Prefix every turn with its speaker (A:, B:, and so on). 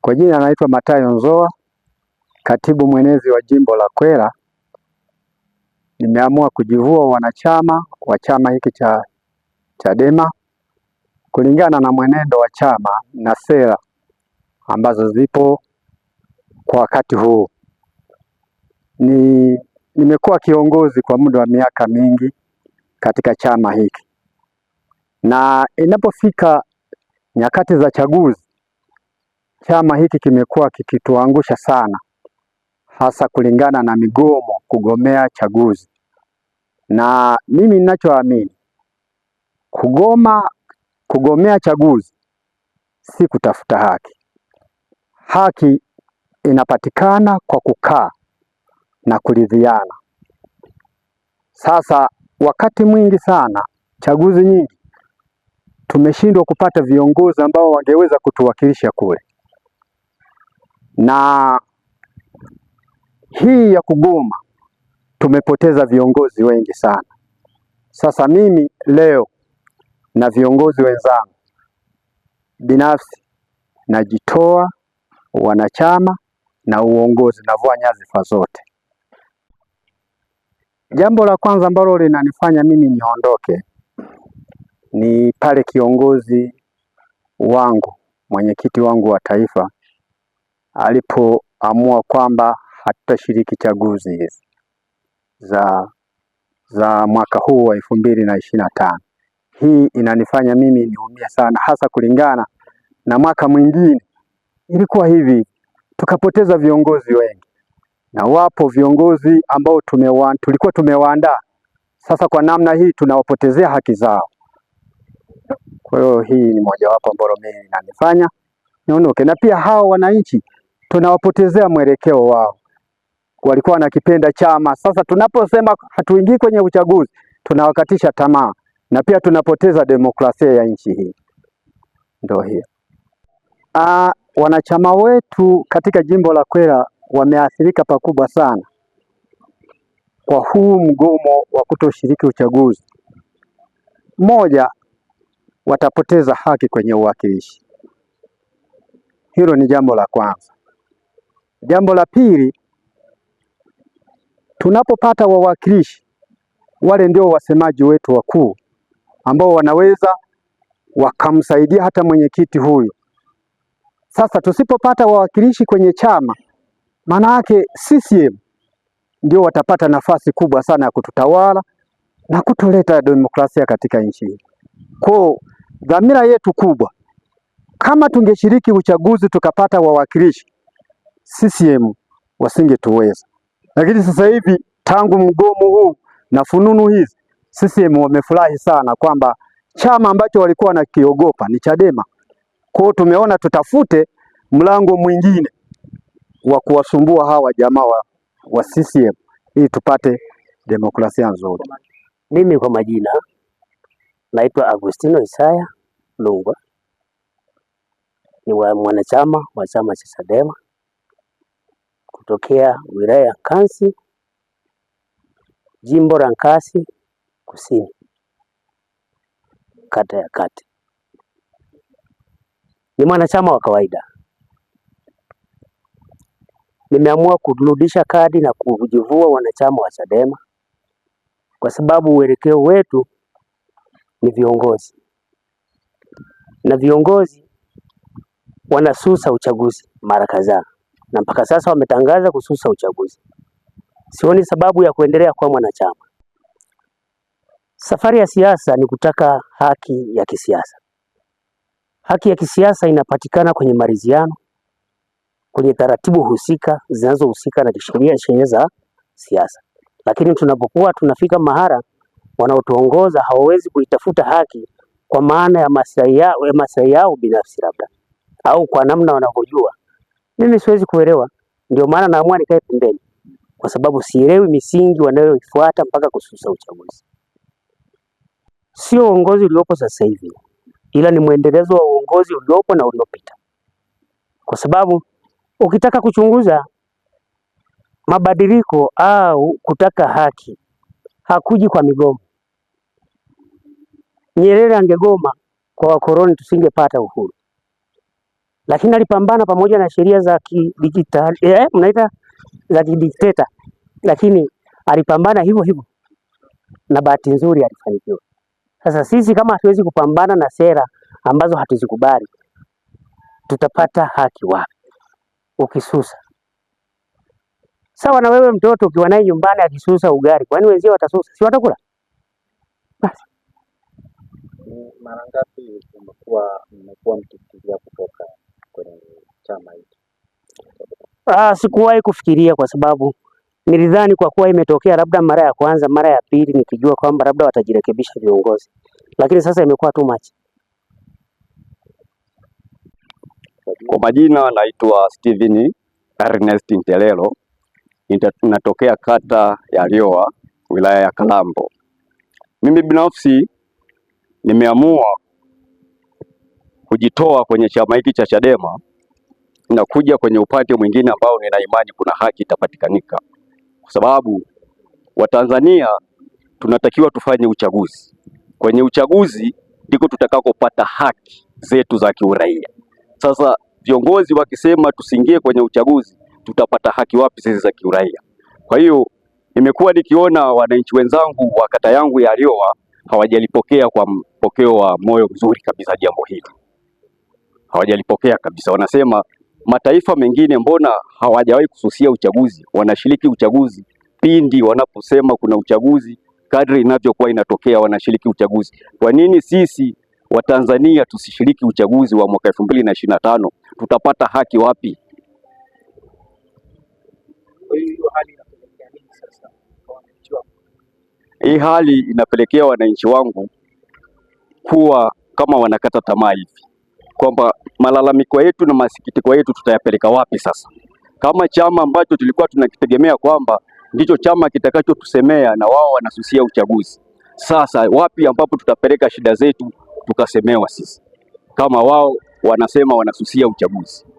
A: Kwa jina anaitwa matayo Nzoa, katibu mwenezi wa jimbo la Kwela. Nimeamua kujivua wanachama wa chama hiki cha Chadema kulingana na mwenendo wa chama na sera ambazo zipo kwa wakati huu. Ni nimekuwa kiongozi kwa muda wa miaka mingi katika chama hiki, na inapofika nyakati za chaguzi Chama hiki kimekuwa kikituangusha sana, hasa kulingana na migomo, kugomea chaguzi. Na mimi ninachoamini, kugoma, kugomea chaguzi si kutafuta haki. Haki inapatikana kwa kukaa na kuridhiana. Sasa wakati mwingi sana, chaguzi nyingi tumeshindwa kupata viongozi ambao wangeweza kutuwakilisha kule na hii ya kugoma tumepoteza viongozi wengi sana. Sasa mimi leo na viongozi wenzangu binafsi najitoa wanachama na uongozi, navua nyadhifa zote. Jambo la kwanza ambalo linanifanya mimi niondoke ni pale kiongozi wangu mwenyekiti wangu wa taifa alipoamua kwamba hatutashiriki chaguzi hizi za za mwaka huu wa elfu mbili na ishirini na tano. Hii inanifanya mimi niumia sana, hasa kulingana na mwaka mwingine ilikuwa hivi, tukapoteza viongozi wengi, na wapo viongozi ambao tumewa, tulikuwa tumewaandaa. Sasa kwa namna hii tunawapotezea haki zao. Kwa hiyo hii ni mojawapo ambalo mimi inanifanya niondoke, na pia hao wananchi tunawapotezea mwelekeo wao. Walikuwa wanakipenda chama, sasa tunaposema hatuingii kwenye uchaguzi tunawakatisha tamaa na pia tunapoteza demokrasia ya nchi hii. Ndio hiyo. Ah, wanachama wetu katika jimbo la Kwela wameathirika pakubwa sana kwa huu mgomo wa kutoshiriki uchaguzi. Moja, watapoteza haki kwenye uwakilishi. Hilo ni jambo la kwanza. Jambo la pili, tunapopata wawakilishi wale ndio wasemaji wetu wakuu ambao wanaweza wakamsaidia hata mwenyekiti huyu. Sasa tusipopata wawakilishi kwenye chama, maana yake CCM ndio watapata nafasi kubwa sana ya kututawala na kutuleta demokrasia katika nchi hii. Kwa dhamira yetu kubwa, kama tungeshiriki uchaguzi tukapata wawakilishi, CCM wasingetuweza, lakini sasa hivi tangu mgomo huu na fununu hizi CCM wamefurahi sana kwamba chama ambacho walikuwa wanakiogopa ni Chadema. Kwa hiyo tumeona tutafute mlango mwingine wa kuwasumbua hawa jamaa wa, wa CCM ili tupate demokrasia nzuri. Mimi kwa majina naitwa Agustino Isaya Lungwa, ni mwanachama wa chama cha Chadema kutokea wilaya ya Nkasi, jimbo la Nkasi Kusini, kata ya Kati. Ni mwanachama wa kawaida. Nimeamua kurudisha kadi na kujivua wanachama wa Chadema kwa sababu uelekeo wetu ni viongozi na viongozi wanasusa uchaguzi mara kadhaa na mpaka sasa wametangaza kususa uchaguzi. Sioni sababu ya kuendelea kuwa mwanachama. Safari ya siasa ni kutaka haki ya kisiasa. Haki ya kisiasa inapatikana kwenye maridhiano, kwenye taratibu husika zinazohusika na kisheria, sheria za siasa. Lakini tunapokuwa tunafika mahara, wanaotuongoza hawawezi kuitafuta haki kwa maana ya maslahi yao, maslahi yao binafsi labda, au kwa namna wanavyojua mimi siwezi kuelewa, ndio maana naamua nikae pembeni, kwa sababu sielewi misingi wanayoifuata mpaka kususa uchaguzi. Sio uongozi uliopo sasa hivi, ila ni mwendelezo wa uongozi uliopo na uliopita, kwa sababu ukitaka kuchunguza mabadiliko au kutaka haki hakuji kwa migomo. Nyerere angegoma kwa wakoloni tusingepata uhuru lakini alipambana pamoja na sheria za kidijitali eh, mnaita za kidikteta, lakini alipambana hivyo hivyo na bahati nzuri alifanikiwa. Sasa sisi kama hatuwezi kupambana na sera ambazo hatuzikubali, tutapata haki wapi? Ukisusa sawa na wewe mtoto ukiwa naye nyumbani akisusa ugali, kwani wenzio watasusa? Si watakula? Basi
B: mara ngapi mmekuwa mmekuwa mtu
A: Uh, sikuwahi kufikiria kwa sababu nilidhani kwa kuwa imetokea labda mara ya kwanza, mara ya pili, nikijua kwamba labda watajirekebisha viongozi, lakini sasa imekuwa too much.
C: Kwa majina naitwa Steven Ernest Ntelelo, natokea kata ya lioa wilaya ya Kalambo. Mimi binafsi nimeamua kujitoa kwenye chama hiki cha Chadema tunakuja kwenye upande mwingine ambao nina imani kuna haki itapatikanika, kwa sababu Watanzania tunatakiwa tufanye uchaguzi. Kwenye uchaguzi ndiko tutakakopata haki zetu za kiuraia. Sasa viongozi wakisema tusiingie kwenye uchaguzi, tutapata haki wapi sisi za kiuraia? Kwa hiyo nimekuwa nikiona wananchi wenzangu wa kata yangu ya Liowa hawajalipokea kwa mpokeo wa moyo mzuri kabisa jambo hili, hawajalipokea kabisa, wanasema mataifa mengine mbona hawajawahi kususia uchaguzi? Wanashiriki uchaguzi pindi wanaposema kuna uchaguzi, kadri inavyokuwa inatokea wanashiriki uchaguzi. Kwa nini sisi Watanzania tusishiriki uchaguzi wa mwaka elfu mbili na ishirini na tano? Tutapata haki wapi? Hii hali inapelekea wananchi wangu kuwa kama wanakata tamaa hivi kwamba malalamiko yetu na masikitiko yetu tutayapeleka wapi sasa, kama chama ambacho tulikuwa tunakitegemea kwamba ndicho chama kitakachotusemea na wao wanasusia uchaguzi. Sasa wapi ambapo tutapeleka shida zetu tukasemewa sisi, kama wao wanasema wanasusia uchaguzi?